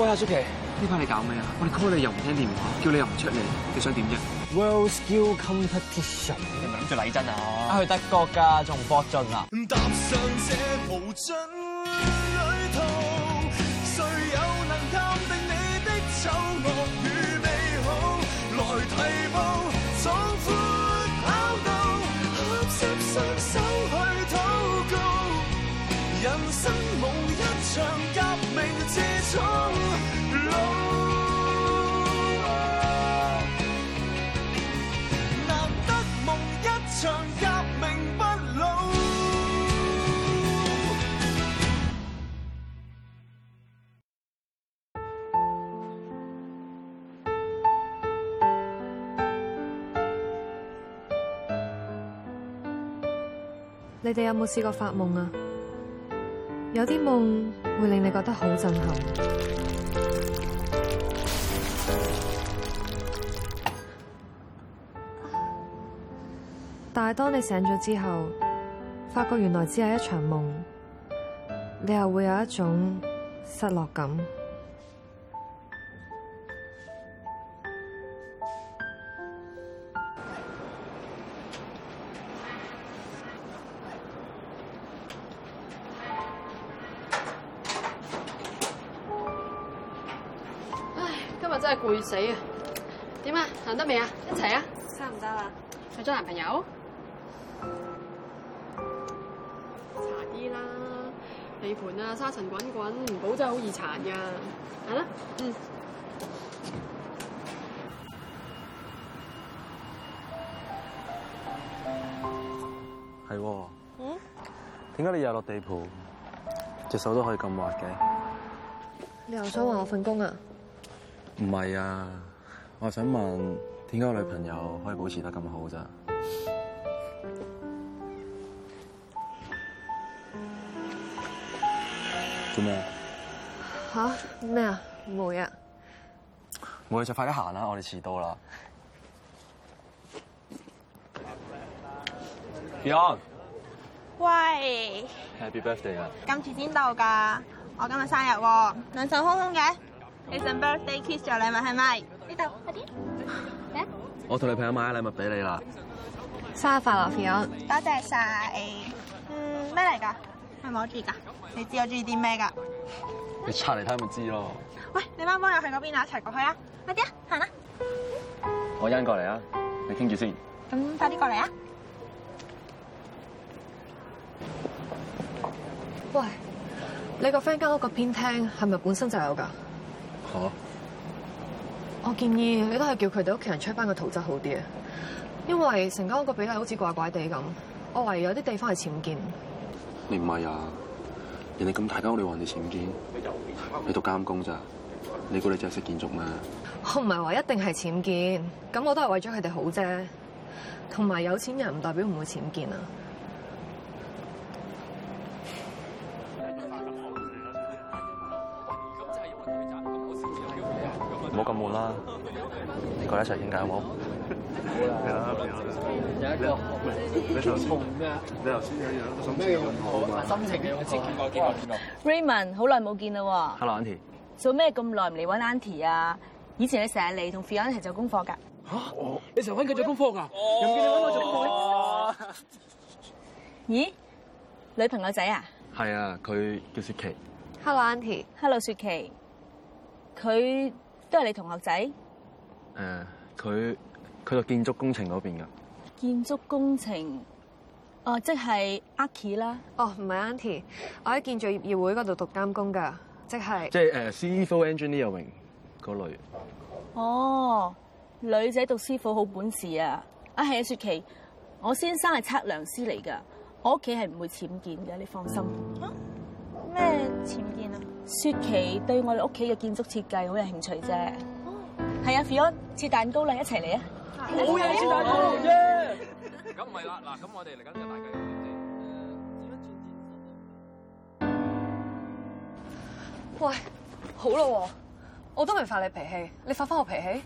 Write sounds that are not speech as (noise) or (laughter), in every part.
喂啊，雪琪，呢排你搞咩啊？我 call 你又唔聽電話，叫你又唔出嚟，你想點啫？World Skills Competition，你咪諗住嚟真啊？去德國㗎，仲唔搏盡啊？你哋有冇試過發夢啊？有啲夢會令你覺得好震撼，但係當你醒咗之後，發覺原來只係一場夢，你又會有一種失落感。真係攰死啊！點啊？行得未啊？一齊啊！差唔多啦。去咗男朋友？殘啲啦，地盤啊，沙塵滾滾，唔保真係好易殘噶。行啦，嗯。係、嗯。嗯？點解你又落地盤？隻手都可以咁滑嘅。你又想話我份工啊？唔係啊，我想問，點解我女朋友可以保持得咁好咋？嗯？做咩？吓咩啊？沒，沒走 (laughs) 啊！我哋就快啲行啦，我哋遲到啦 Beyond！喂！Happy birthday 啊！今次先到㗎，我今日生日喎，兩手空空嘅。你份 birthday kiss 咗禮物係咪？呢度快啲。咩？我同女朋友買嘅禮物俾你啦。生日快樂表，多謝晒。嗯，咩嚟噶？係咪我中意噶？你知我中意啲咩噶？你拆嚟睇咪知咯。喂，你媽幫友去嗰邊啊，一齊過去啊！快啲啊，行啦。我一陣過嚟啊，你傾住先。咁快啲過嚟啊！喂，你個 friend 間屋個偏廳係咪本身就有噶？啊、我建議你都係叫佢哋屋企人 check 翻個圖質好啲啊，因為成間屋個比例好似怪怪地咁，我懷疑有啲地方係僭建。你唔係啊？人哋咁大間屋，你話人哋僭建？你讀監工咋？你估你只係識建築咩？我唔係話一定係僭建，咁我都係為咗佢哋好啫。同埋有錢人唔代表唔會，會僭建啊。冇咁悶啦，你過一齊傾偈好唔好？你又聰明咩？你頭先想做咩嘢用途？心情嘅我知，見過見過見過。Raymond 好耐冇見啦喎！Hello Auntie，做咩咁耐唔嚟揾 Auntie 啊？以前你成日嚟同 Fiona 一齊做功課㗎。嚇！Oh. 你成日揾佢做功課㗎，又唔見你揾我做功課。咦？ (laughs) 女朋友仔啊？係啊，佢叫雪琪。Hello Auntie Hello 雪琪，佢。都係你同學仔？誒佢佢讀建築工程邊，噶。建築工程，哦、oh, oh,，即係阿 Kai 啦。哦，唔係 Auntie 我喺建造業協會度讀監工噶，即係即係誒 CEO engineer 榮嗰類哦、oh,，女仔讀師傅好本事啊！啊，係啊，雪琪，我先生係測量師嚟噶，我屋企係唔會僭建嘅，你放心。咩、啊、僭建？雪琪對我哋屋企嘅建築設計好有興趣啫，係、哦、啊，菲安切蛋糕啦，一齊嚟啊！好嘢，切蛋糕啫。咁唔係啦，嗱，咁我哋嚟緊就大家轉轉。喂，好啦，我都未發你脾氣，你發翻我脾氣？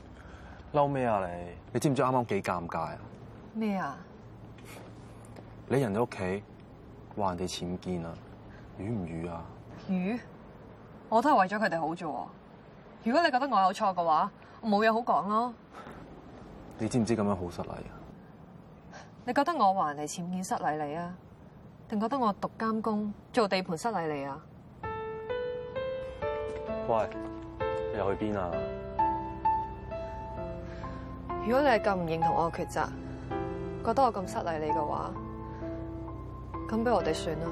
嬲咩啊你？你知唔知啱啱幾尷尬啊？咩啊？你人哋屋企話人哋僭建啊？瘀唔瘀啊？瘀。我都係為咗佢哋好做，如果你覺得我有錯嘅話，我冇嘢好講咯。你知唔知咁樣好失禮啊？你覺得我還嚟潛見失禮你啊？定覺得我讀監工做地盤失禮你啊？喂，你又去邊啊？如果你係咁唔認同我嘅抉擇，覺得我咁失禮你嘅話，咁俾我哋算啦。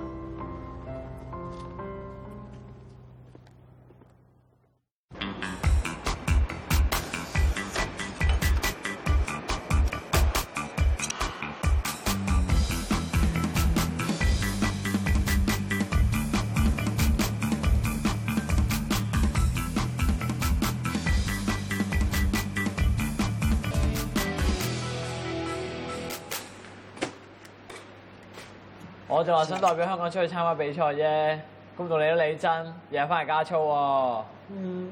我就話想代表香港出去參加比賽啫，咁到你都理真，日日翻嚟加操喎、啊。嗯。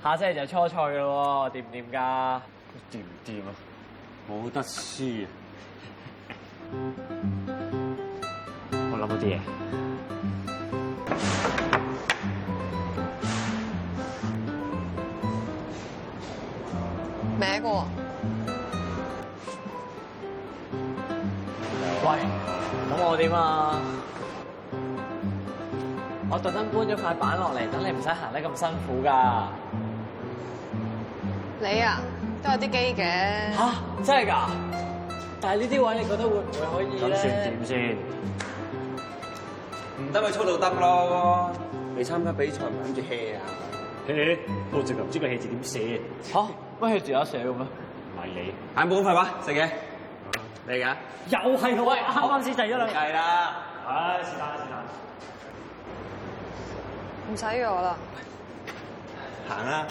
下星期就初賽噶咯喎，掂唔掂㗎？掂唔掂啊？冇得輸啊！我諗冇啲嘢。咩歌？我點啊？我特登搬咗塊板落嚟，等你唔使行得咁辛苦噶。你啊，都有啲機嘅、啊。吓、啊？真係㗎？但係呢啲位，你覺得會唔會可以咧？咁算點先？唔得咪速度得咯。未參加比賽唔諗住 hea 啊？hea，我直係唔知個 hea 字點寫。嚇、啊？咩 hea 字有寫嘅咩？唔係你。係冇廢話，食嘢。嚟噶，又係喂，啱啱先遞咗兩。係啦，唉，算啦算啦，唔使我啦，行啦，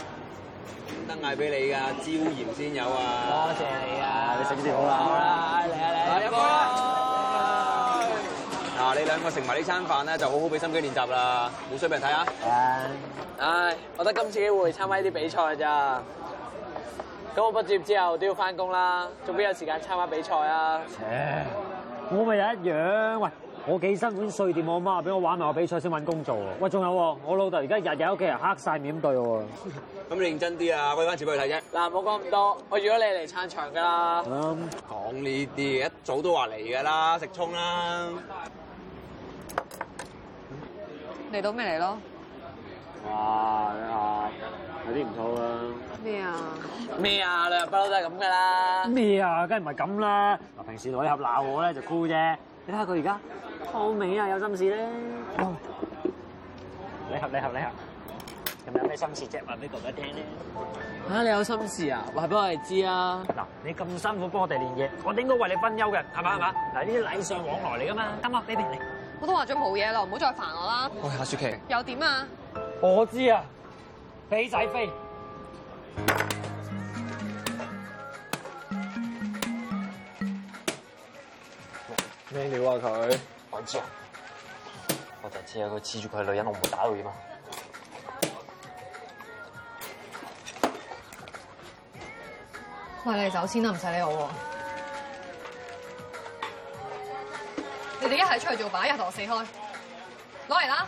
唔得嗌俾你噶，椒鹽先有啊，多謝你啊，你食先好啦，好啦，嚟啊嚟，嗱，你兩個食埋呢餐飯咧，就好好俾心機練習啦，冇衰俾人睇啊，唉，我得今次機會參加啲比賽咋。咁我畢業之後都要翻工啦，仲邊有時間參加比賽啊？切，我咪又一樣。喂，我幾辛苦碎掂我阿媽，俾我玩埋我比賽先揾工做喎。喂，仲有喎，我老豆而家日日屋企人黑曬面咁對喎。咁你認真啲啊，歸翻錢俾佢睇啫。嗱，唔好講咁多，我預咗你嚟撐場噶啦。講呢啲，一早都話嚟噶啦，食葱啦。嚟到咩嚟咯？哇，睇下有啲唔錯啊！咩啊？咩啊？你阿不嬲都係咁噶啦！咩啊？梗係唔係咁啦！嗱，平時同李盒鬧我咧就哭啫，你睇下佢而家好明啊，有心事咧。你合你合你合！咁有咩心事啫？話俾哥哥聽咧。吓，你有心事啊？話俾我哋知啊。嗱，你咁辛苦幫我哋練嘢，我哋應該為你分憂嘅，係嘛係嘛？嗱、嗯，呢啲禮尚往來嚟噶嘛。咁啊，俾面你，我都話咗冇嘢咯，唔好再煩我啦。喂，夏雪琪，又點啊？我知啊，俾仔飛。你哋、啊、他佢，我知，我就知道佢黐住佢女人，我唔會打佢嘛。喂，你哋走先啦，唔使理我。你哋一係出去做擺，一係同我死開，攞嚟啦。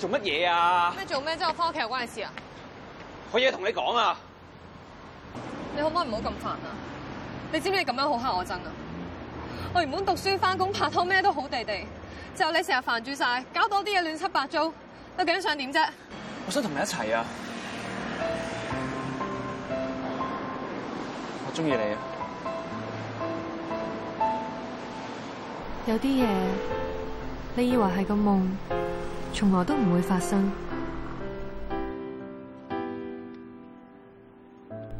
做乜嘢啊？咩做咩啫？我翻屋企有關事啊！我嘢同你講啊！你可唔可以唔好咁煩啊？你知唔知你咁樣好黑我憎啊？我原本讀書、翻工、拍拖，咩都好地地，之後你成日煩住晒，搞多啲嘢亂七八糟，究竟想點啫？我想同你一齊啊！我中意你啊！有啲嘢，你以為係個夢。從來都唔會發生，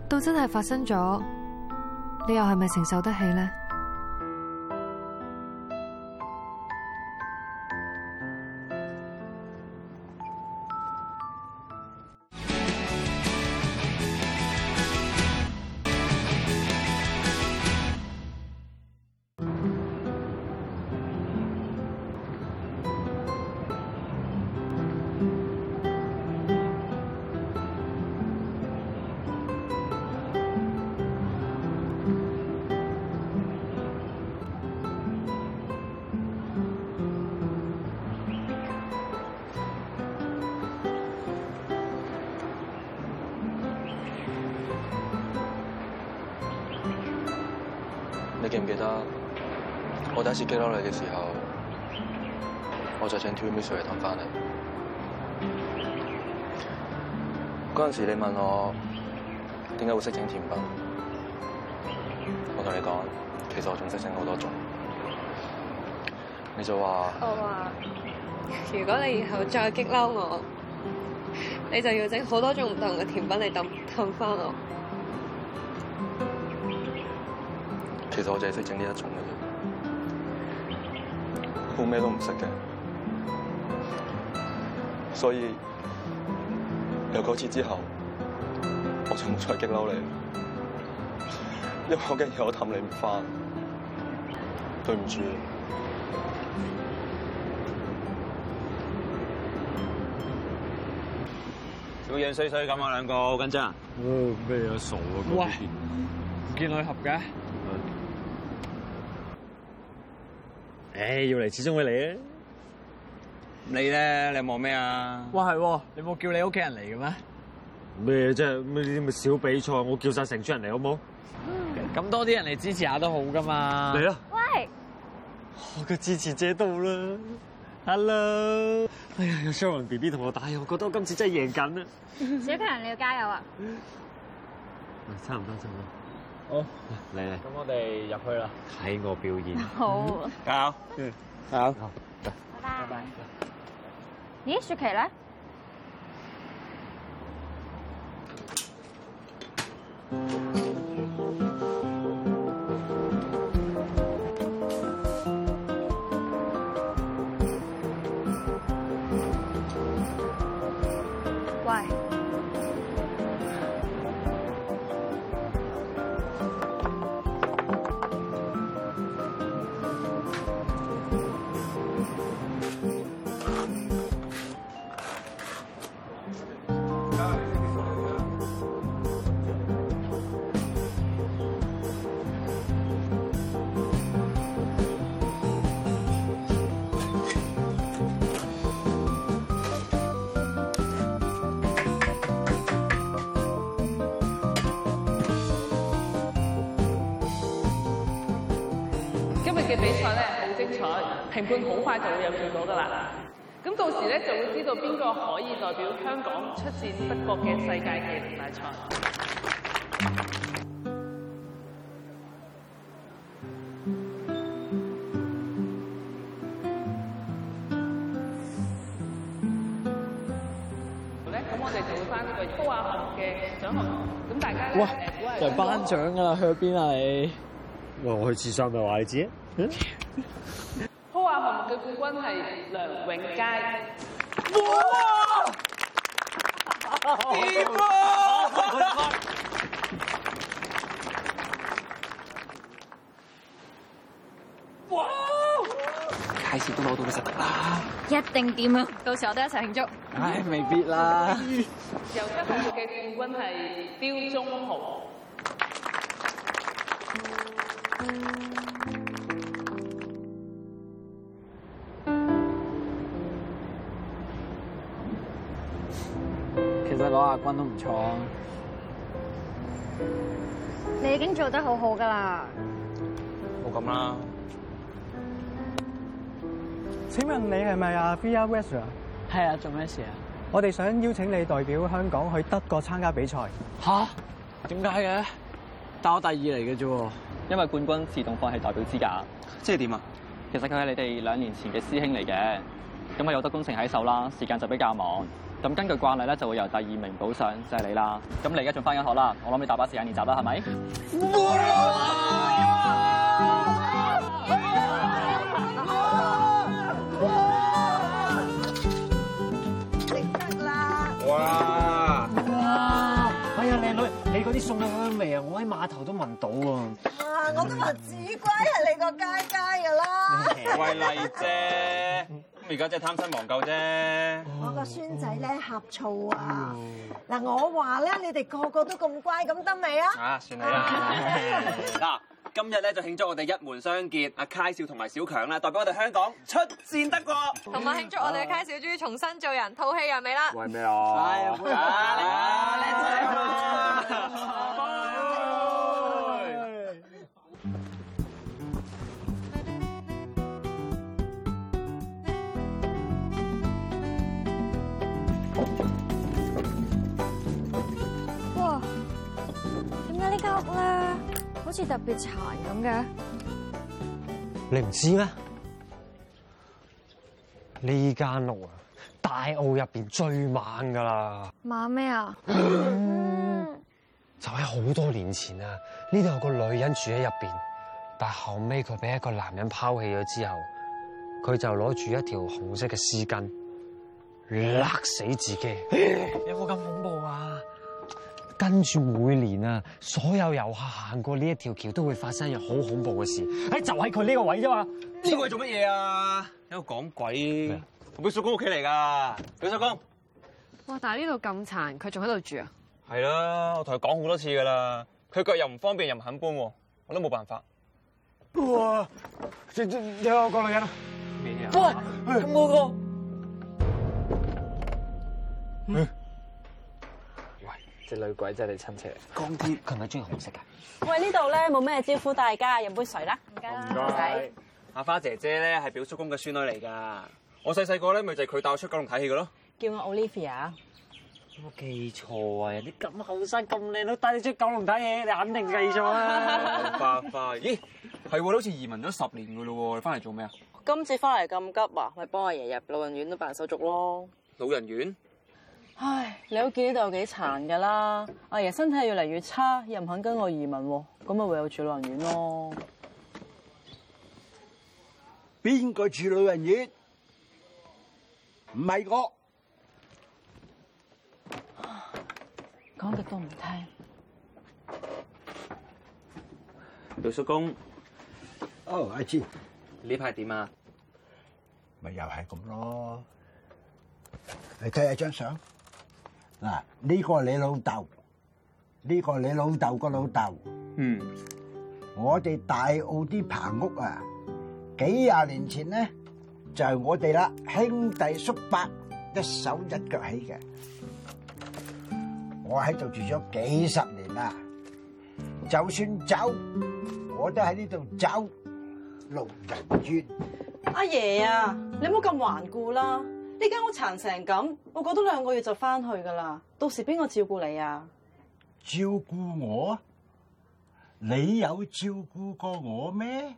到真係發生咗，你又係咪承受得起呢？你記唔記得我第一次激嬲你嘅時候，我就請 two miss 出嚟氹翻你。嗰陣時你問我點解會識整甜品，我同你講其實我仲識整好多種。你就話我話，如果你以後再激嬲我，你就要整好多種唔同嘅甜品嚟氹氹翻我。其實我就係識整呢一種嘅啫，冇咩都唔識嘅。所以有嗰次之後，我就冇再激嬲你，因為我驚以後氹你唔翻。對唔住。個樣衰衰咁啊，兩個好緊張啊。咩啊傻啊！唔見唔見六合嘅？誒，要嚟始終會嚟啊！你咧，你望咩啊？哇，係，你冇叫你屋企人嚟嘅咩？咩即係咩啲嘅小比賽？我叫晒成村人嚟好冇？咁、嗯、多啲人嚟支持一下都好噶嘛？嚟啊！喂，我嘅支持者到啦！Hello，哎呀，有 Sherwin BB 同我打，我覺得我今次真係贏緊啊！小強，你要加油啊！差唔多，得得得。好，嚟嚟。咁我哋入去啦。睇我表演好。好。嗯。加油。嗯。加油。好。拜拜。拜拜。咦，雪琪咧？嘅比賽咧好精彩，評判好快就會有結果噶啦。咁到時咧就會知道邊個可以代表香港出戰德國嘅世界技能大賽。好咧，咁我哋做會翻呢位高阿行嘅獎項。咁大家，哇，就頒獎噶啦，去邊啊你？哇，我去廁所咪話你知。好啊，項目嘅冠軍係梁永佳。哇！天啊！哇！介紹都攞到實得啦，一定點啊！到時我哋一齊慶祝。唉，未必啦。游金湖嘅冠軍係標忠豪。亞軍都唔錯，你已經做得好好噶啦。好咁啦。請問你係咪啊？Vera West？係啊，啊，做咩事啊？我哋想邀請你代表香港去德國參加比賽。吓？點解嘅？但我第二嚟嘅啫。因為冠軍自動放棄代表資格。即係點啊？其實佢係你哋兩年前嘅師兄嚟嘅，咁啊有得工程喺手啦，時間就比較忙。咁根據慣例咧，就會由第二名補上，就係你啦。咁你而家仲返緊學啦，我諗你大把時間練習啦，係咪？哇！哇！哎呀，靚女，你嗰啲餸嘅香味啊，我喺碼頭都聞到喎。啊！我都話子龜係你個街街噶啦。桂麗姐。現在而我而家真係貪新忘舊啫！我個孫仔咧呷醋啊！嗱，我話咧，你哋個個都咁乖，咁得未啊？啊，算、啊、啦。嗱、啊，今日咧就慶祝我哋一門相見，阿、啊、Kai 少同埋小強咧，代表我哋香港出戰德國，同埋慶祝我哋嘅 Kai 少終於重新做人，吐氣人味啦。喂，咩啊？哎啊，啊，啊，你好，好啊！啊好似特別殘咁嘅，你唔知咩？呢間屋啊，大澳入邊最猛噶啦！猛咩啊？就喺好多年前啊，呢度有個女人住喺入邊，但係後尾佢俾一個男人拋棄咗之後，佢就攞住一條紅色嘅絲巾勒死自己。有冇咁恐怖啊？跟住每年啊，所有遊客行過呢一條橋都會發生一樣好恐怖嘅事，喺就喺佢呢個位啫嘛。呢個位做乜嘢啊？喺度講鬼。同佢叔公屋企嚟噶，佢叔公。哇！但係呢度咁殘，佢仲喺度住啊？係啦，我同佢講好多次噶啦，佢腳又唔方便，又唔肯搬，我都冇辦法。哇！有個女人啊！喂，咁、哎、我個。哎隻女鬼真係你親戚。江之佢係咪中意紅色噶？喂，呢度咧冇咩招呼大家，飲杯水啦，唔該。唔該。阿花姐姐咧係表叔公嘅孫女嚟噶，我細細個咧咪就係佢帶我出九龍睇戲嘅咯。叫我 Olivia。我記錯啊？你咁後生咁靚都帶你出九龍睇戲，你肯定記咗啦、 (laughs) (laughs) (laughs) 哎。阿花花，咦，係喎，好似移民咗十年噶咯喎，你翻嚟做咩啊？今次翻嚟咁急啊，咪幫阿爺入老人院都辦手續咯。老人院。唉，你都見呢度幾殘㗎啦！阿爺身體越嚟越差，又唔肯跟我移民，咁咪唯有主員住老人院咯。邊個住老人院？唔係我。講得都唔聽。劉叔公，哦，oh，I see，呢排點啊？咪又係咁咯。你睇下張相。嗱，呢個係你老豆，呢個係你老豆個老豆，嗯，我哋大澳啲棚屋啊，幾廿年前咧就係我哋啦兄弟叔伯一手一腳起嘅。我喺度住咗幾十年啦，就算走我都喺呢度走六日轉。阿爺啊，你唔好咁頑固啦。呢間屋殘成咁，我過多兩個月就翻去噶啦，到時邊個照顧你啊？照顧我？你有照顧過我咩？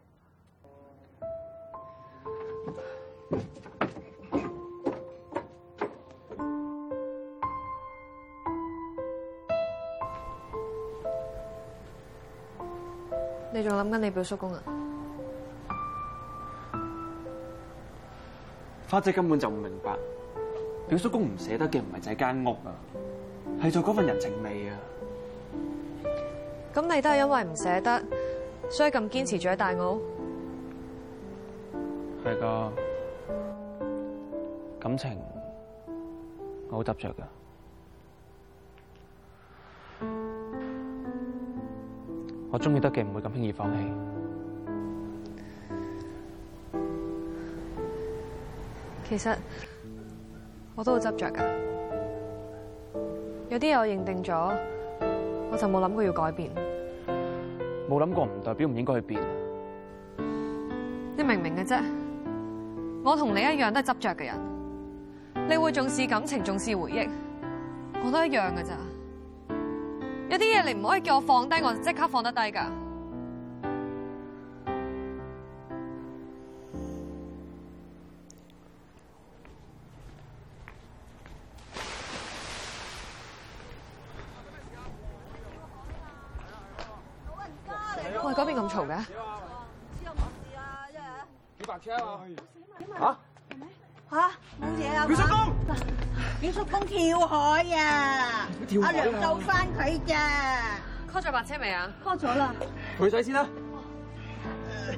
你仲諗緊你表叔公工啊？花姐根本就唔明白，表叔公唔捨得嘅唔係就係間屋啊，係在嗰份人情味啊。咁你都係因為唔捨得，所以咁堅持住喺大澳？係噶，感情我好執着噶，我中意得嘅唔會咁輕易放棄。其實我都好執着噶，有啲嘢我認定咗，我就冇諗過要改變。冇諗過唔代表唔應該去變。你明唔明嘅啫？我同你一樣都係執着嘅人，你會重視感情，重視回憶，我都一樣噶咋。有啲嘢你唔可以叫我放低，我就即刻放得低噶。吓吓，冇嘢啊，表叔公，表叔公跳海啊！阿娘救翻佢嘅，call 咗白車未啊？call 咗啦。女仔先啦。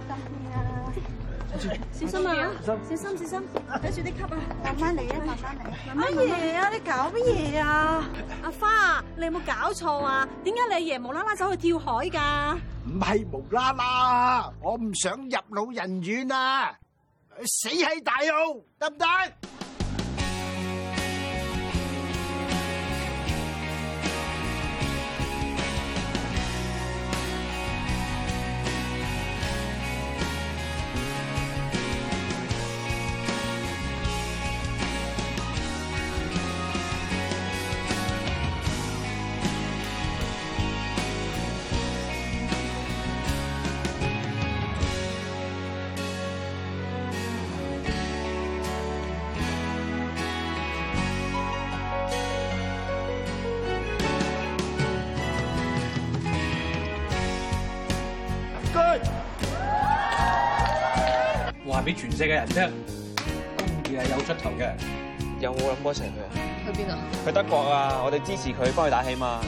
得啊，小心啊，小心，小心，小心，拉住啲吸啊，慢慢嚟啊，慢慢嚟。乜嘢啊？你搞乜嘢啊？阿花，你有冇搞錯啊？點解你爺無啦啦走去跳海噶？唔係無啦啦，我唔想入老人院啊！死喺大澳得唔得？行全世嘅人啫，而係有出頭嘅，有冇諗過一齊去啊？去邊啊？去德國啊！我哋支持佢，幫佢打氣嘛。